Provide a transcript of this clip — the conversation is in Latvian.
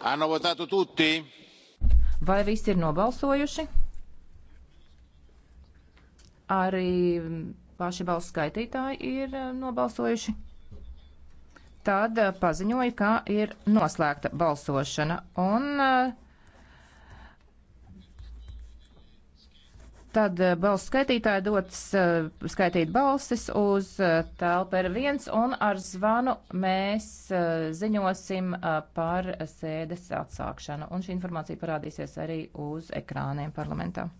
Hanno votato tutti? Vai visi ir nobalsojuši? Arī paši balsu skaitītāji ir eh, nobalsojuši. Tad eh, paziņoja, ka ir noslēgta balsošana un uh, Tad eh, balss skaitītāji dodas eh, skaitīt balsis uz eh, telpu ar viens, un ar zvanu mēs ziņosim par sēdes atsākšanu. Un šī informācija parādīsies arī uz ekrāniem parlamentā.